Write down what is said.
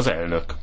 az elnök.